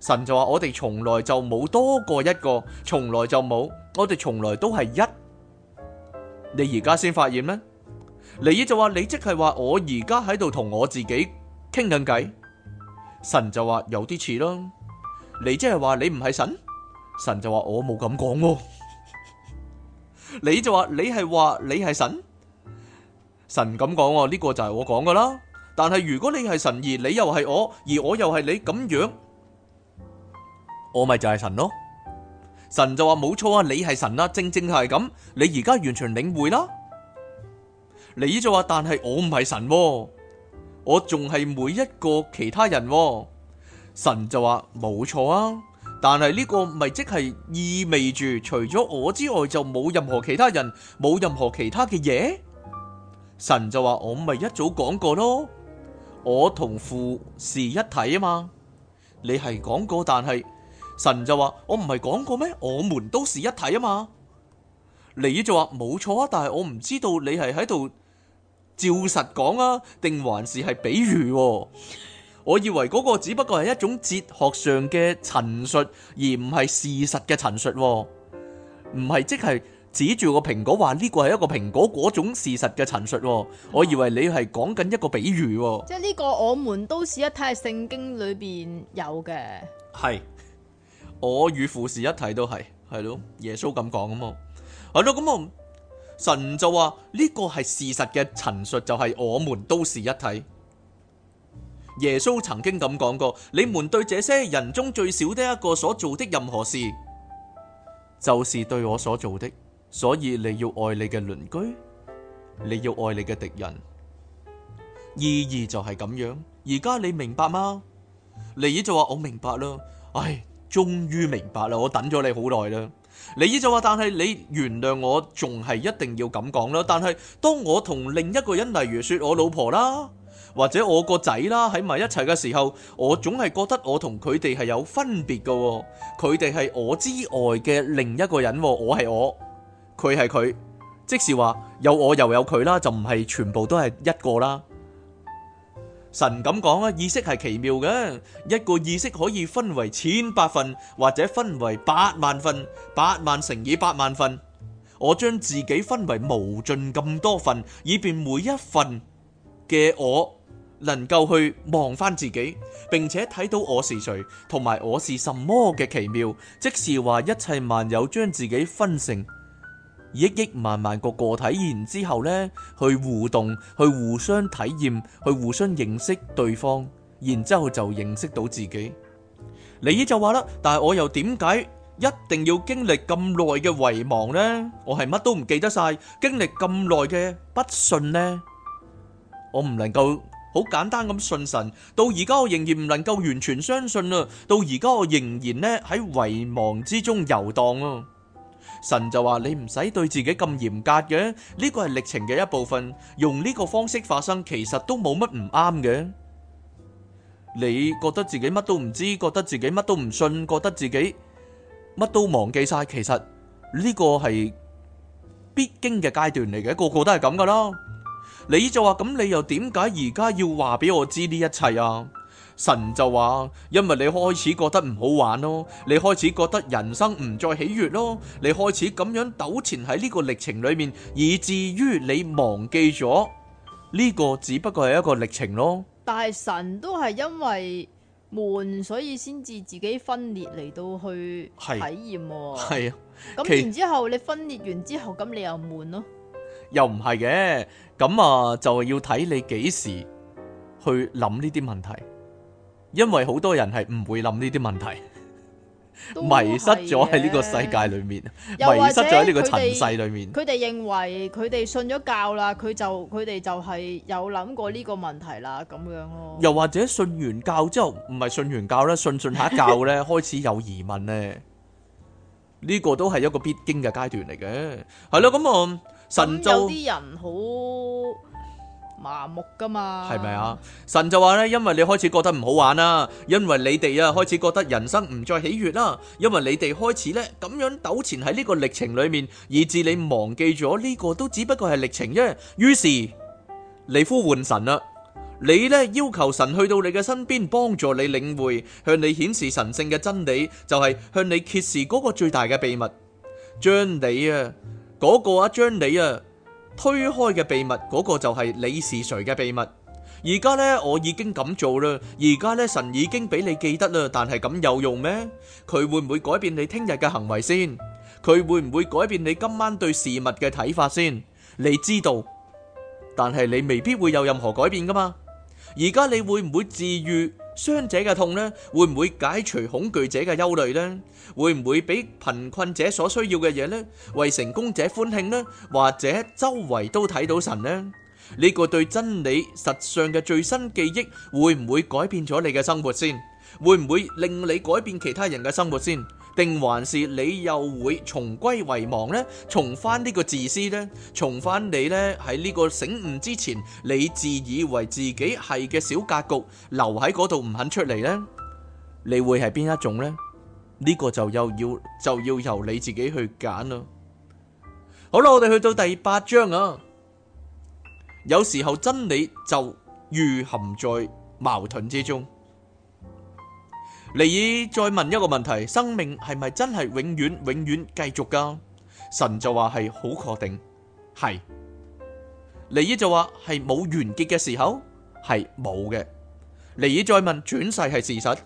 神就話我哋從來就冇多過一個，從來就冇，我哋從來都係一，你而家先發現咩？你就話，你即係話我而家喺度同我自己傾緊偈。神就話有啲似咯。你即係話你唔係神。神就話我冇咁講。你就話你係話你係神，神咁講哦，呢個就係我講噶啦。但係如果你係神而你又係我而我又係你咁樣，我咪就係神咯。神就話冇錯啊，你係神啦，正正係咁。你而家完全領會啦。你就話，但係我唔係神喎，我仲係每一個其他人喎。神就話冇錯啊，但係呢個咪即係意味住除咗我之外就冇任何其他人，冇任何其他嘅嘢。神就話我咪一早講過咯，我同父是一體啊嘛。你係講過，但係神就話我唔係講過咩？我們都是一體啊嘛。你就話冇錯啊，但係我唔知道你係喺度。照實講啊，定還是係比喻、哦？我以為嗰個只不過係一種哲學上嘅陳述，而唔係事實嘅陳述、哦。唔係即係指住個蘋果話呢個係一個蘋果嗰種事實嘅陳述、哦。我以為你係講緊一個比喻、哦哦。即係呢個，我們都是一體喺，聖經裏邊有嘅。係，我與父是一體都是，都係，係咯，耶穌咁講啊嘛。係、嗯、咯，咁我。神就話呢個係事實嘅陳述，就係我們都是一體。耶穌曾經咁講過：你們對這些人中最小的一個所做的任何事，就是對我所做的。所以你要愛你嘅鄰居，你要愛你嘅敵人。意義就係咁樣。而家你明白嗎？尼爾就話：我明白啦，唉，終於明白啦，我等咗你好耐啦。你依就話，但係你原諒我，仲係一定要咁講咯。但係當我同另一個人，例如說我老婆啦，或者我個仔啦，喺埋一齊嘅時候，我總係覺得我同佢哋係有分別噶。佢哋係我之外嘅另一個人，我係我，佢係佢。即使話有我又有佢啦，就唔係全部都係一個啦。神咁講啊，意識係奇妙嘅，一個意識可以分為千百份，或者分為百萬份，百萬乘以百萬份，我將自己分為無盡咁多份，以便每一份嘅我能夠去望翻自己，並且睇到我是誰，同埋我是什麼嘅奇妙，即是話一切萬有將自己分成。億億萬萬個個體，然之後咧去互動，去互相體驗，去互相認識對方，然之後就認識到自己。你呢就話啦，但係我又點解一定要經歷咁耐嘅遺忘咧？我係乜都唔記得晒，經歷咁耐嘅不信咧？我唔能夠好簡單咁信神，到而家我仍然唔能夠完全相信啊，到而家我仍然咧喺遺忘之中游蕩啊！神就話你唔使對自己咁嚴格嘅，呢個係歷程嘅一部分，用呢個方式發生，其實都冇乜唔啱嘅。你覺得自己乜都唔知，覺得自己乜都唔信，覺得自己乜都忘記晒，其實呢個係必經嘅階段嚟嘅，個個都係咁噶啦。你就話咁，你又點解而家要話俾我知呢一切啊？神就話：因為你開始覺得唔好玩咯，你開始覺得人生唔再喜悦咯，你開始咁樣糾纏喺呢個歷程裏面，以至於你忘記咗呢個只不過係一個歷程咯。但係神都係因為悶，所以先至自己分裂嚟到去體驗。係啊，咁然之後你分裂完之後，咁你又悶咯，又唔係嘅，咁啊就係要睇你幾時去諗呢啲問題。因為好多人係唔會諗呢啲問題， 迷失咗喺呢個世界裏面，迷失咗喺呢個塵世裏面。佢哋認為佢哋信咗教啦，佢就佢哋就係有諗過呢個問題啦，咁樣咯。又或者信完教之後，唔係信完教咧，信信下一教咧， 開始有疑問咧。呢、這個都係一個必經嘅階段嚟嘅，係 咯、嗯。咁、嗯、啊，神造有啲人好。麻木噶嘛？係咪啊？神就話咧，因為你開始覺得唔好玩啦，因為你哋啊開始覺得人生唔再喜悅啦，因為你哋開始咧咁樣糾纏喺呢個歷程裏面，以致你忘記咗呢個都只不過係歷程啫。於是你呼喚神啦，你咧要求神去到你嘅身邊幫助你領會，向你顯示神聖嘅真理，就係向你揭示嗰個最大嘅秘密，將你啊嗰個啊將你啊。推開嘅秘密，嗰個就係你是誰嘅秘密。而家呢，我已經咁做啦。而家呢，神已經俾你記得啦。但係咁有用咩？佢會唔會改變你聽日嘅行為先？佢會唔會改變你今晚對事物嘅睇法先？你知道，但係你未必會有任何改變噶嘛。而家你會唔會治癒傷者嘅痛呢？會唔會解除恐懼者嘅憂慮呢？會唔會俾貧困者所需要嘅嘢呢？為成功者歡慶呢？或者周圍都睇到神呢？呢、這個對真理實相嘅最新記憶會唔會改變咗你嘅生活先？會唔會令你改變其他人嘅生活先？定還是你又會重歸遺忘呢？重返呢個自私呢？重返你呢？喺呢個醒悟之前，你自以為自己係嘅小格局留喺嗰度唔肯出嚟呢？你會係邊一種呢？呢、這個就又要就要由你自己去揀咯。好啦，我哋去到第八章啊。有時候真理就蘊含在矛盾之中。尼爾再問一個問題：生命係咪真係永遠永遠繼續噶？神就話係好確定，係。尼爾就話係冇完結嘅時候係冇嘅。尼爾再問轉世係事實，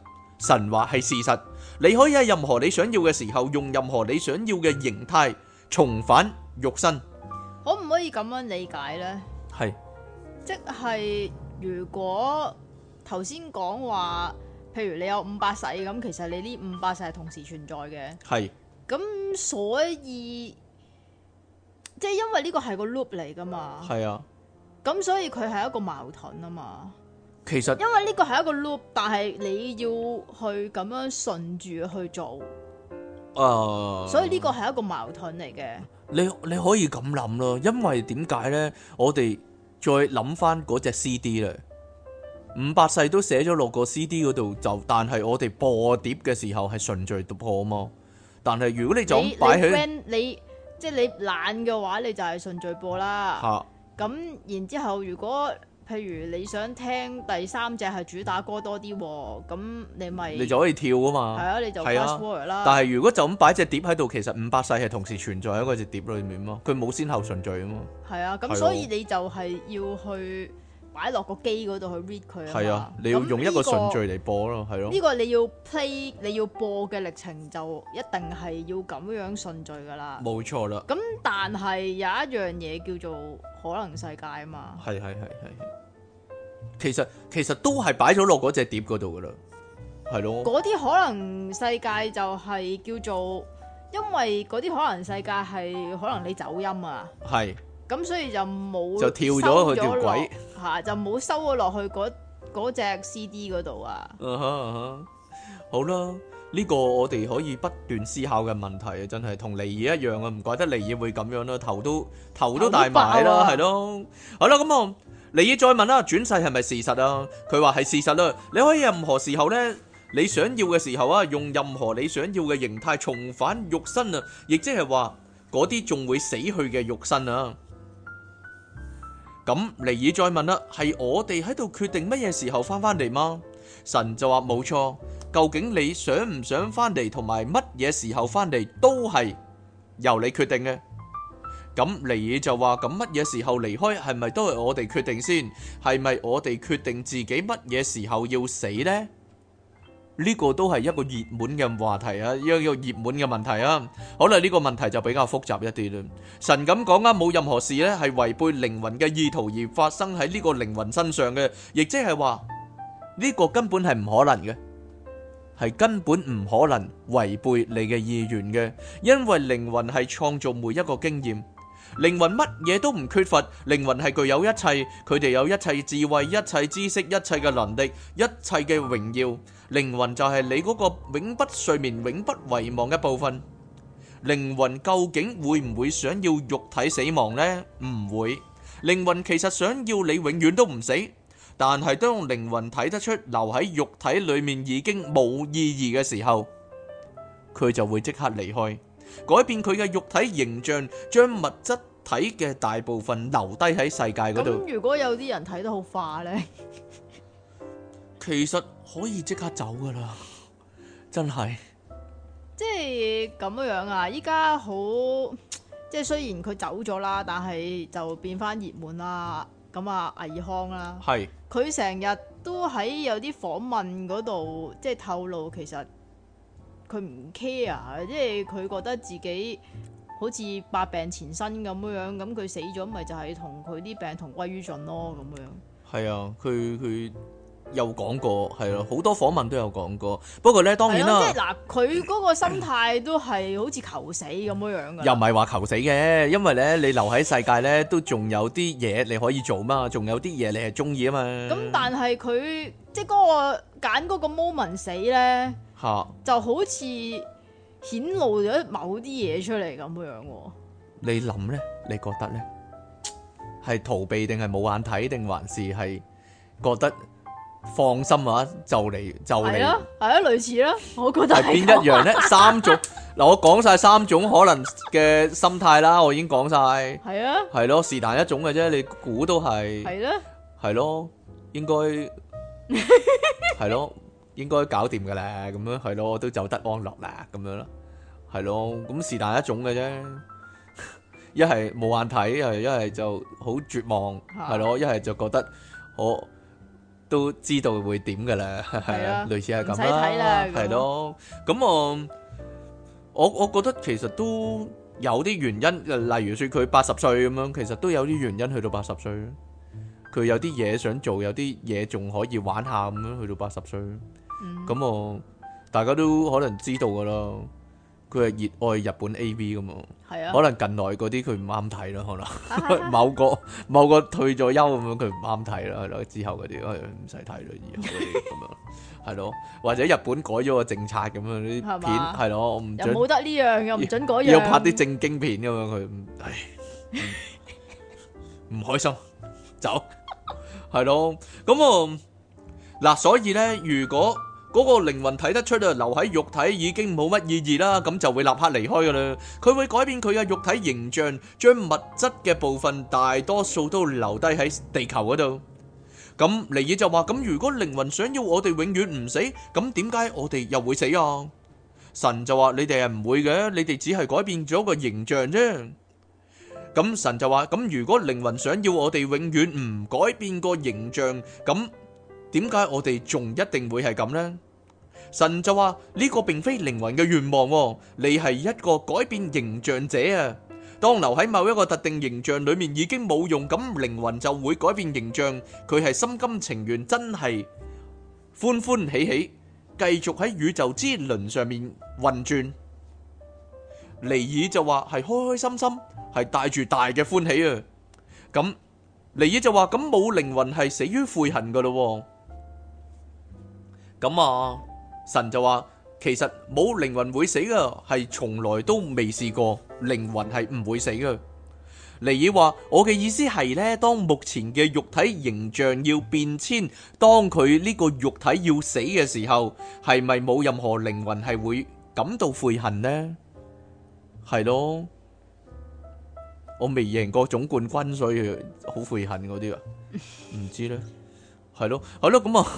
神話係事實。你可以喺任何你想要嘅時候，用任何你想要嘅形態重返肉身，可唔可以咁樣理解呢？係，即係如果頭先講話。譬如你有五百世，咁，其實你呢五百世係同時存在嘅。係。咁所以，即係因為呢個係個 loop 嚟噶嘛。係啊。咁所以佢係一個矛盾啊嘛。其實。因為呢個係一個 loop，但係你要去咁樣順住去做。誒、呃。所以呢個係一個矛盾嚟嘅。你你可以咁諗咯，因為點解咧？我哋再諗翻嗰隻 CD 咧。五百世都寫咗六個 CD 嗰度就，但係我哋播碟嘅時候係順序讀破啊嘛。但係如果你就咁擺喺你，你, brand, 你即係你懶嘅話，你就係順序播啦。吓咁、啊、然之後，如果譬如你想聽第三隻係主打歌多啲，咁你咪你就可以跳啊嘛。係啊，你就 fast forward 啦。啊、但係如果就咁擺隻碟喺度，其實五百世係同時存在喺嗰隻碟裏面啊嘛，佢冇先後順序啊嘛。係啊，咁所以你就係要去。擺落個機嗰度，去 read 佢。啊係啊，你要用一個順序嚟播咯，係咯？呢個你要 play，你要播嘅歷程就一定係要咁樣順序噶啦。冇錯啦。咁但係有一樣嘢叫做可能世界啊嘛。係係係係。其實其實都係擺咗落嗰隻碟嗰度噶啦，係咯。嗰啲可能世界就係叫做，因為嗰啲可能世界係可能你走音啊。係。咁所以就冇就跳咗佢條軌，吓就冇收咗落去嗰嗰隻 CD 嗰度啊。嗯哼嗯哼，好啦，呢個我哋可以不斷思考嘅問題啊，真係同尼爾一樣啊，唔怪得尼爾會咁樣啦，頭都頭都大埋啦，係咯。好啦，咁啊，尼爾再問啦，轉世係咪事實啊？佢話係事實啦。你可以任何時候咧，你想要嘅時候啊，用任何你想要嘅形態重返肉身啊，亦即係話嗰啲仲會死去嘅肉身啊。咁尼爾再問啦，係我哋喺度決定乜嘢時候翻返嚟嗎？神就話冇錯，究竟你想唔想翻嚟同埋乜嘢時候翻嚟都係由你決定嘅。咁尼爾就話，咁乜嘢時候離開係咪都係我哋決定先？係咪我哋決定自己乜嘢時候要死呢？呢個都係一個熱門嘅話題啊，一個熱門嘅問題啊。好啦，呢個問題就比較複雜一啲啦。神咁講啊，冇任何事咧係違背靈魂嘅意圖而發生喺呢個靈魂身上嘅，亦即係話呢個根本係唔可能嘅，係根本唔可能違背你嘅意願嘅，因為靈魂係創造每一個經驗，靈魂乜嘢都唔缺乏，靈魂係具有一切，佢哋有一切智慧、一切知識、一切嘅能力、一切嘅榮耀。靈魂就係你嗰個永不睡眠、永不遺忘嘅部分。靈魂究竟會唔會想要肉體死亡呢？唔會。靈魂其實想要你永遠都唔死，但係當靈魂睇得出留喺肉體裏面已經冇意義嘅時候，佢就會即刻離開，改變佢嘅肉體形象，將物質體嘅大部分留低喺世界嗰度。咁如果有啲人睇得好化呢？其實。可以即刻走噶啦，真係即係咁樣啊！依家好即係雖然佢走咗啦，但係就變翻熱門啦。咁啊，倪匡啦，係佢成日都喺有啲訪問嗰度，即係透露其實佢唔 care，即係佢覺得自己好似百病纏身咁樣樣，咁佢死咗咪就係同佢啲病同歸於盡咯，咁樣。係啊，佢佢。有講過係咯，好多訪問都有講過。不過咧，當然啦，即係嗱，佢嗰個心態都係好似求死咁樣樣嘅。又唔係話求死嘅，因為咧，你留喺世界咧都仲有啲嘢你可以做嘛，仲有啲嘢你係中意啊嘛。咁但係佢即係嗰個揀嗰個 moment 死咧，嚇 就好似顯露咗某啲嘢出嚟咁樣樣喎。你諗咧？你覺得咧？係逃避定係冇眼睇定還是係覺得？放心啊，就嚟就嚟，係咯，係咯，類似啦，我覺得係邊一樣咧？三種嗱，我講晒三種可能嘅心態啦，我已經講晒，係啊，係咯，是但一種嘅啫，你估都係，係咯，係咯，應該係咯，應該搞掂噶啦，咁樣係咯，都走得安樂啦，咁樣咯，係咯，咁是但一種嘅啫，一係冇眼睇，一係一係就好絕望，係咯，一係就覺得我。都知道會點㗎啦，係啊，類似係咁啦，係咯，咁我我我覺得其實都有啲原因，例如説佢八十歲咁樣，其實都有啲原因去到八十歲。佢有啲嘢想做，有啲嘢仲可以玩下咁樣，去到八十歲。咁我、嗯、大家都可能知道㗎啦。佢係熱愛日本 AV 咁啊，可能近來嗰啲佢唔啱睇咯，可能某個某個退咗休咁樣，佢唔啱睇啦，之後嗰啲唔使睇啦，以後嗰啲咁樣，係咯，或者日本改咗個政策咁樣啲片，係咯，我唔準，又冇得呢樣，又唔準嗰樣，要拍啲正經片咁樣佢，唉，唔開心，走，係咯，咁啊嗱，所以咧，如果嗰個靈魂睇得出呀，留喺肉體已經冇乜意義啦，咁就會立刻離開噶啦。佢會改變佢嘅肉體形象，將物質嘅部分大多數都留低喺地球嗰度。咁尼爾就話：咁如果靈魂想要我哋永遠唔死，咁點解我哋又會死啊？神就話：你哋係唔會嘅，你哋只係改變咗個形象啫。咁神就話：咁如果靈魂想要我哋永遠唔改變個形象，咁點解我哋仲一定會係咁呢？神就話呢個並非靈魂嘅願望，你係一個改變形象者啊。當留喺某一個特定形象裏面已經冇用，咁靈魂就會改變形象。佢係心甘情願，真係歡歡喜喜繼續喺宇宙之輪上面運轉。尼爾就話係開開心心，係帶住大嘅歡喜啊。咁尼爾就話咁冇靈魂係死於悔恨㗎咯。咁啊，神就話其實冇靈魂會死嘅，係從來都未試過靈魂係唔會死嘅。尼爾話：我嘅意思係呢，當目前嘅肉體形象要變遷，當佢呢個肉體要死嘅時候，係咪冇任何靈魂係會感到悔恨呢？係咯，我未贏過總冠軍，所以好悔恨嗰啲啊，唔知呢，係咯，係咯，咁啊。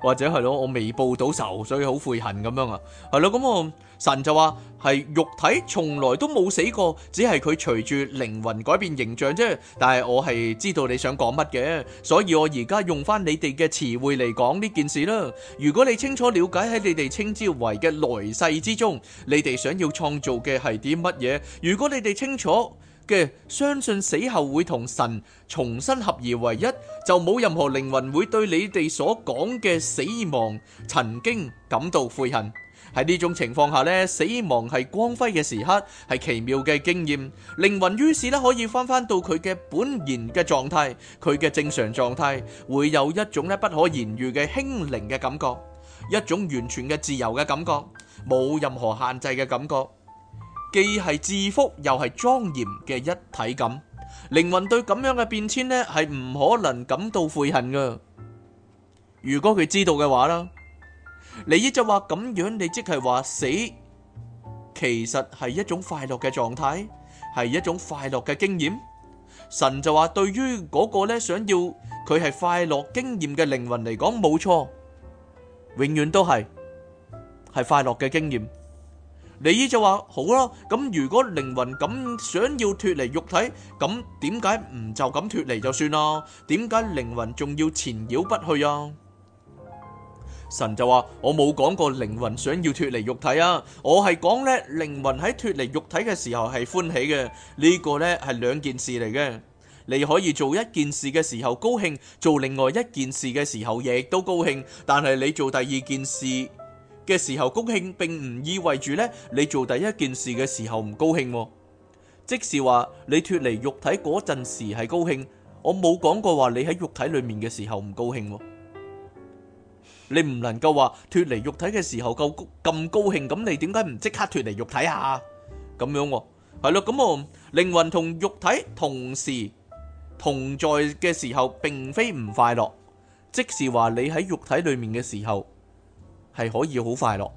或者係咯，我未報到仇，所以好悔恨咁樣啊，係咯，咁我神就話，係肉體從來都冇死過，只係佢隨住靈魂改變形象啫。但係我係知道你想講乜嘅，所以我而家用翻你哋嘅詞彙嚟講呢件事啦。如果你清楚了解喺你哋稱之為嘅來世之中，你哋想要創造嘅係啲乜嘢？如果你哋清楚。嘅相信死後會同神重新合而為一，就冇任何靈魂會對你哋所講嘅死亡曾經感到悔恨。喺呢種情況下咧，死亡係光輝嘅時刻，係奇妙嘅經驗。靈魂於是咧可以翻翻到佢嘅本然嘅狀態，佢嘅正常狀態，會有一種咧不可言喻嘅輕靈嘅感覺，一種完全嘅自由嘅感覺，冇任何限制嘅感覺。既係自負又係莊嚴嘅一體感，靈魂對咁樣嘅變遷呢係唔可能感到悔恨㗎。如果佢知道嘅話啦，你依就話咁樣，你即係話死，其實係一種快樂嘅狀態，係一種快樂嘅經驗。神就話對於嗰個呢想要佢係快樂經驗嘅靈魂嚟講，冇錯，永遠都係，係快樂嘅經驗。你依就話好啦，咁如果靈魂咁想要脫離肉體，咁點解唔就咁脫離就算啦？點解靈魂仲要纏繞不去啊？神就話：我冇講過靈魂想要脫離肉體啊，我係講呢，靈魂喺脫離肉體嘅時候係歡喜嘅，呢個呢係兩件事嚟嘅。你可以做一件事嘅時候高興，做另外一件事嘅時候亦都高興，但係你做第二件事。嘅時候高興，並唔意味住呢你做第一件事嘅時候唔高興，即是話你脫離肉體嗰陣時係高興。我冇講過話你喺肉體裏面嘅時候唔高興，你唔能夠話脫離肉體嘅時候夠高咁高興，咁你點解唔即刻脫離肉體啊？咁樣，係咯，咁啊，靈魂同肉體同時同在嘅時候，並非唔快樂，即是話你喺肉體裏面嘅時候。係可以好快樂，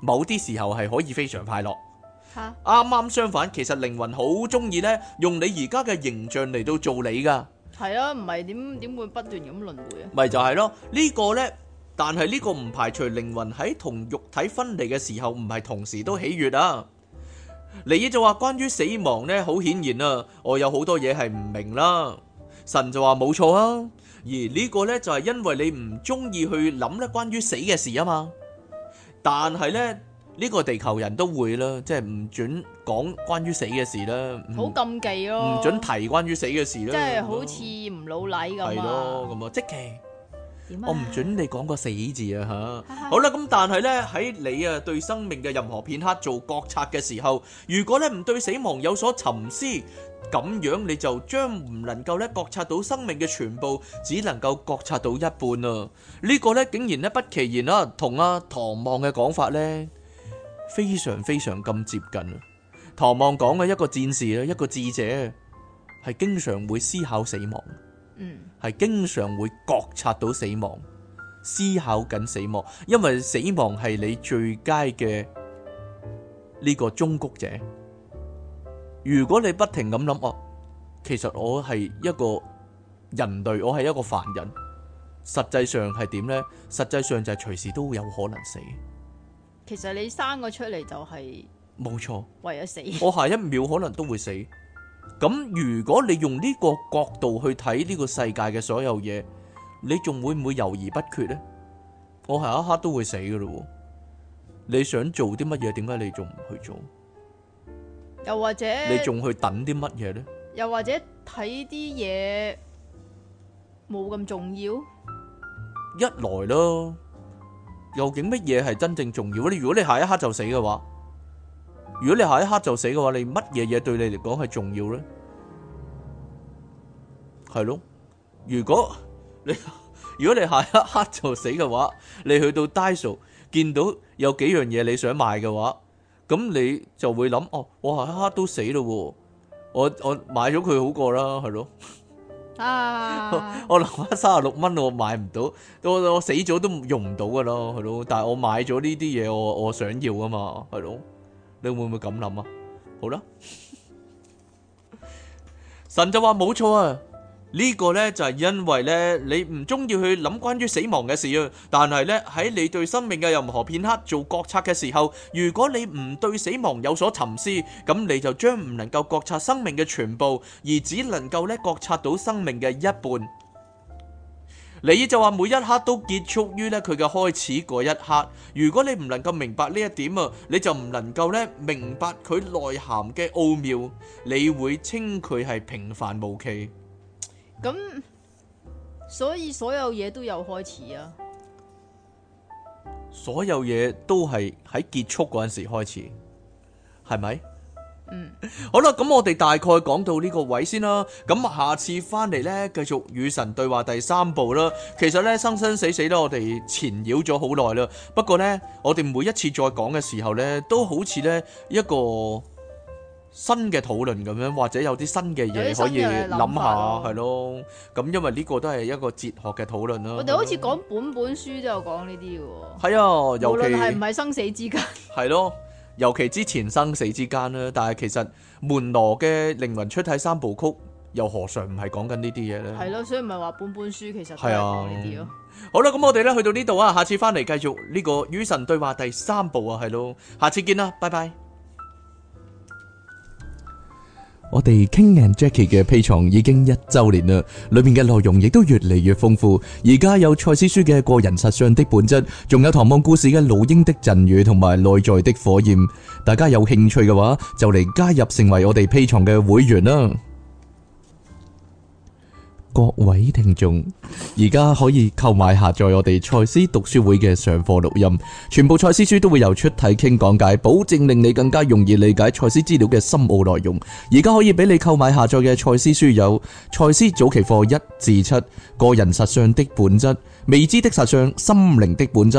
某啲時候係可以非常快樂。吓哈，啱啱相反，其實靈魂好中意呢，用你而家嘅形象嚟到做你噶。係啊，唔係點點會不斷咁輪回啊？咪就係咯，呢、呢個呢，但係呢個唔排除靈魂喺同肉體分離嘅時候，唔係同時都喜悅啊。尼爾就話：關於死亡呢，好顯然啊，我有好多嘢係唔明啦。神就話：冇錯啊。而呢個咧就係因為你唔中意去諗咧關於死嘅事啊嘛，但係咧呢個地球人都會啦，即係唔準講關於死嘅事啦，好禁忌咯，唔準提關於死嘅事啦，即係好似唔老禮咁，係咯，咁啊即期，我唔準你講個死字啊嚇，好啦咁，但係咧喺你啊對生命嘅任何片刻做覺察嘅時候，如果咧唔對死亡有所沉思。咁樣你就將唔能夠咧覺察到生命嘅全部，只能夠覺察到一半啊！這個、呢個咧竟然咧不其然啊。同啊唐望嘅講法咧非常非常咁接近啊！唐望講嘅一個戰士啊，一個智者係經常會思考死亡，嗯，係經常會覺察到死亡，思考緊死亡，因為死亡係你最佳嘅呢、這個忠告者。如果你不停咁諗哦，其實我係一個人類，我係一個凡人，實際上係點呢？實際上就係隨時都有可能死。其實你生咗出嚟就係、是、冇錯，為咗死。我下一秒可能都會死。咁如果你用呢個角度去睇呢個世界嘅所有嘢，你仲會唔會猶豫不決呢？我下一刻都會死噶啦！你想做啲乜嘢？點解你仲唔去做？又或者你仲去等啲乜嘢呢？又或者睇啲嘢冇咁重要？一來咯，究竟乜嘢係真正重要呢？你如果你下一刻就死嘅話，如果你下一刻就死嘅話，你乜嘢嘢對你嚟講係重要呢？係咯，如果你如果你下一刻就死嘅話，你去到 Daiso 見到有幾樣嘢你想買嘅話？咁你就會諗哦，我下下都死咯，我我買咗佢好過啦，係咯。啊！ 我留翻三十六蚊，我，我買唔到，我我死咗都用唔到噶咯，係咯。但係我買咗呢啲嘢，我我想要啊嘛，係咯。你會唔會咁諗啊？好啦，神就話冇錯啊。呢個呢，就係因為呢，你唔中意去諗關於死亡嘅事啊！但係呢，喺你對生命嘅任何片刻做覺察嘅時候，如果你唔對死亡有所沉思，咁你就將唔能夠覺察生命嘅全部，而只能夠咧覺察到生命嘅一半。你就話每一刻都結束於呢，佢嘅開始嗰一刻。如果你唔能夠明白呢一點啊，你就唔能夠呢，明白佢內涵嘅奧妙，你會稱佢係平凡無奇。咁，所以所有嘢都有開始啊！所有嘢都係喺結束嗰陣時開始，係咪？嗯，好啦，咁我哋大概講到呢個位先啦。咁下次翻嚟呢，繼續與神對話第三部啦。其實呢，生生死死咧，我哋纏繞咗好耐啦。不過呢，我哋每一次再講嘅時候呢，都好似呢一個。新嘅討論咁樣，或者有啲新嘅嘢可以諗下，係咯。咁因為呢個都係一個哲學嘅討論咯。我哋好似講本本書都有講呢啲嘅。係啊，無論係唔係生死之間。係咯，尤其之前生死之間啦。但係其實門羅嘅靈魂出體三部曲又何嘗唔係講緊呢啲嘢呢？係咯，所以唔係話本本書其實係講呢啲咯。好啦，咁我哋咧去到呢度啊，下次翻嚟繼續呢個與神對話第三部啊，係咯，下次見啦，拜拜。我哋 King and Jackie 嘅 Patreon 已經一周年啦，裏面嘅內容亦都越嚟越豐富。而家有賽斯書嘅個人實相的本質，仲有《唐望故事》嘅老鷹的贈予同埋內在的火焰。大家有興趣嘅話，就嚟加入成為我哋 Patreon 嘅會員啦！各位聽眾，而家可以購買下載我哋塞斯讀書會嘅上課錄音，全部塞斯書都會由出體傾講解，保證令你更加容易理解塞斯資料嘅深奧內容。而家可以俾你購買下載嘅塞斯書有《塞斯早期課一至七》、《個人實相的本質》、《未知的實相》、《心靈的本質》。